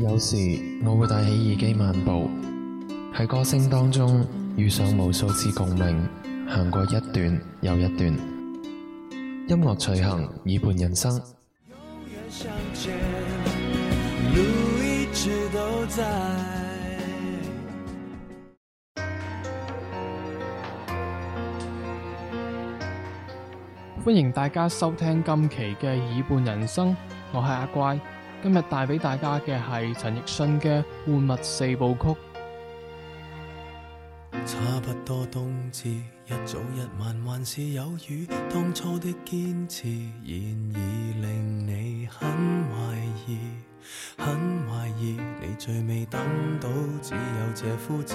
有時我會帶起耳機漫步，喺歌聲當中遇上無數次共鳴，行過一段又一段。音樂隨行耳畔人生永相一都在，歡迎大家收聽今期嘅耳畔人生，我係阿怪。今日帶畀大家嘅係陳奕迅嘅《玩物四部曲》。差不多冬至，一早一晚還是有雨。當初的堅持，現已令你很懷疑，很懷疑你最尾等到只有這枯枝。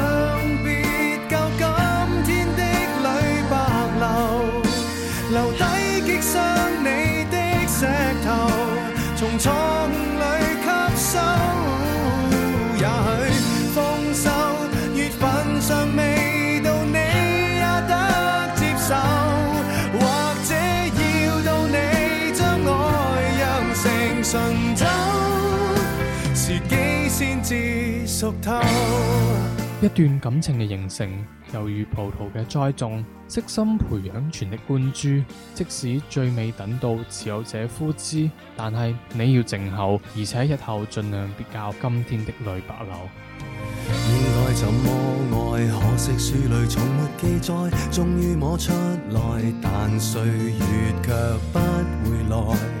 一段感情嘅形成，猶如葡萄嘅栽種，悉心培養，全力灌注。即使最尾等到只有這枯枝，但係你要靜候，而且日後盡量別教今天的淚白流。應該怎麼愛，可惜書裏從沒記載，終於摸出來，但歲月卻不回來。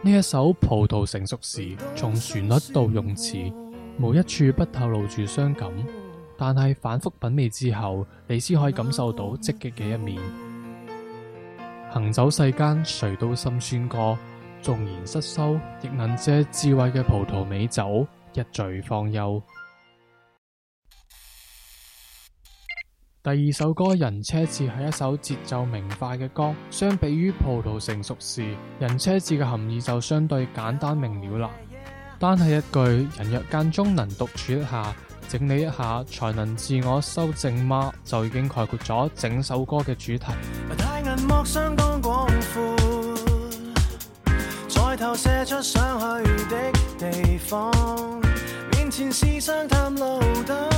呢一首葡萄成熟時，從旋律到用詞，無一處不透露住傷感。但係反覆品味之後，你先可以感受到積極嘅一面。行走世間，誰都心酸過，縱然失收，亦能借智慧嘅葡萄美酒一醉方休。第二首歌《人車誌》係一首節奏明快嘅歌，相比於葡萄成熟時，《人車誌》嘅含義就相對簡單明了啦。單係一句人若間中能獨處一下，整理一下，才能自我修正嗎？就已經概括咗整首歌嘅主題。太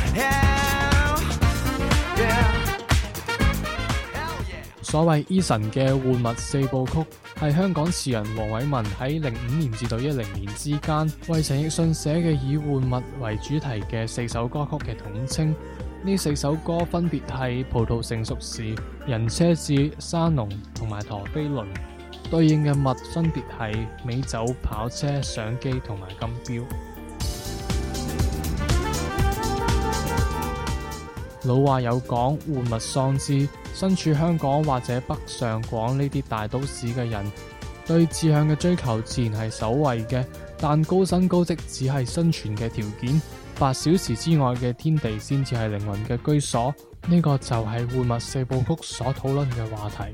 所謂 Eason 嘅玩物四部曲，係香港詞人黃偉文喺零五年至到一零年之間，為陳奕迅寫嘅以玩物為主題嘅四首歌曲嘅統稱。呢四首歌分別係《葡萄成熟時》、《人車誌》、《沙龍》同埋《陀飛輪》，對應嘅物分別係美酒、跑車、相機同埋金錶。老話有講，玩物喪志。身處香港或者北上廣呢啲大都市嘅人，對志向嘅追求自然係首位嘅。但高薪高職只係生存嘅條件，八小時之外嘅天地先至係靈魂嘅居所。呢、這個就係《玩物四部曲》所討論嘅話題。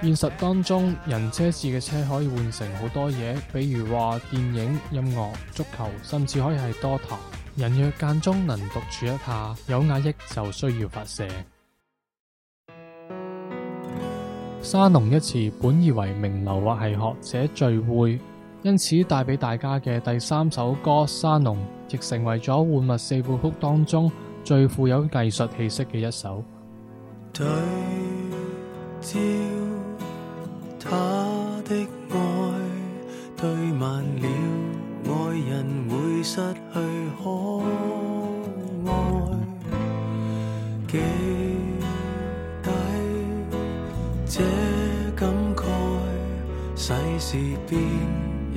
現實當中，人車誌嘅車可以換成好多嘢，比如話電影、音樂、足球，甚至可以係 DOTA。人若間中能獨處一下，有壓抑就需要發射。沙龍一詞，本以為名流或係學者聚會，因此帶俾大家嘅第三首歌《沙龍》。亦成為咗《玩物四部曲》當中最富有藝術氣息嘅一首。對焦他的愛，對慢了愛人會失去可愛。記低這感慨，世事變。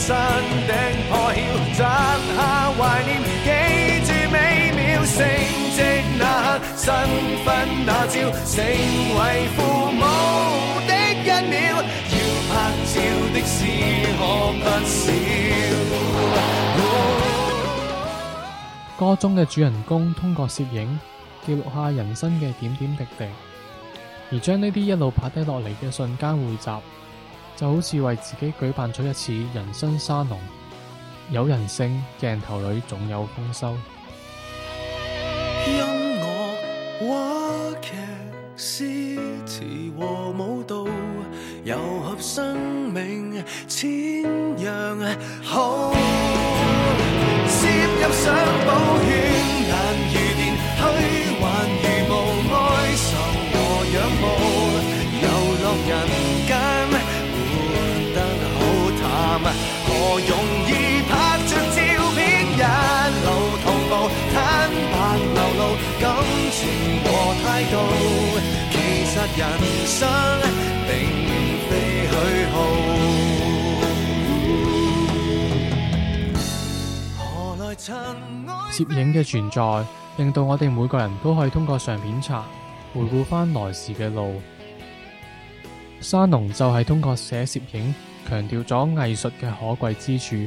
我 oh. 歌中嘅主人公通過攝影記錄下人生嘅點點滴滴，而將呢啲一路拍低落嚟嘅瞬間匯集。就好似為自己舉辦咗一次人生沙龍，有人性鏡頭裏總有豐收。音樂、話劇、詩詞和舞蹈，揉合生命千樣好，攝入相簿。其實人生並非虛耗，攝影嘅存在，令到我哋每個人都可以通過相片冊回顧翻來時嘅路。沙龍就係通過寫攝影，強調咗藝術嘅可貴之處。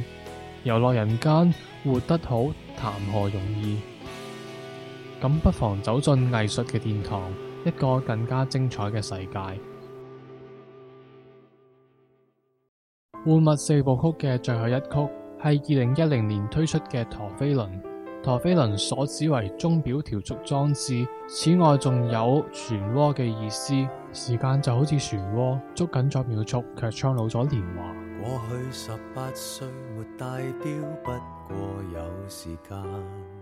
遊樂人間，活得好，談何容易？咁不妨走進藝術嘅殿堂，一個更加精彩嘅世界。《玩物四部曲》嘅最後一曲係二零一零年推出嘅《陀飛輪》。陀飛輪所指為鐘錶調速裝置，此外仲有漩渦嘅意思。時間就好似漩渦，捉緊咗秒速，卻蒼老咗年華。過去十八歲沒戴錶，不過有時間。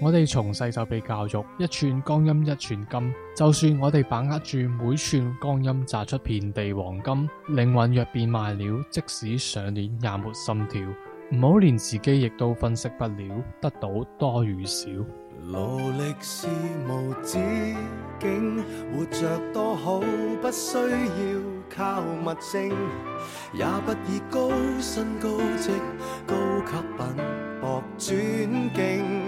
我哋從細就被教育，一寸光陰一寸金。就算我哋把握住每寸光陰，砸出遍地黃金。靈魂若變賣了，即使上天也沒心跳。唔好連自己亦都分析不了，得到多與少。努力是無止境，活着多好，不需要靠物證，也不以高薪高職高級品博尊敬。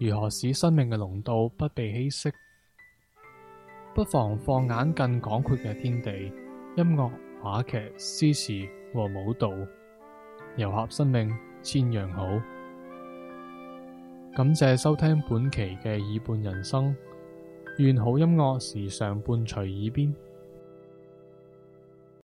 如何使生命嘅濃度不被稀釋？不妨放眼更廣闊嘅天地，音樂、話劇、詩詞和舞蹈，揉合生命千樣好。感謝收聽本期嘅耳畔人生，願好音樂時常伴隨耳邊。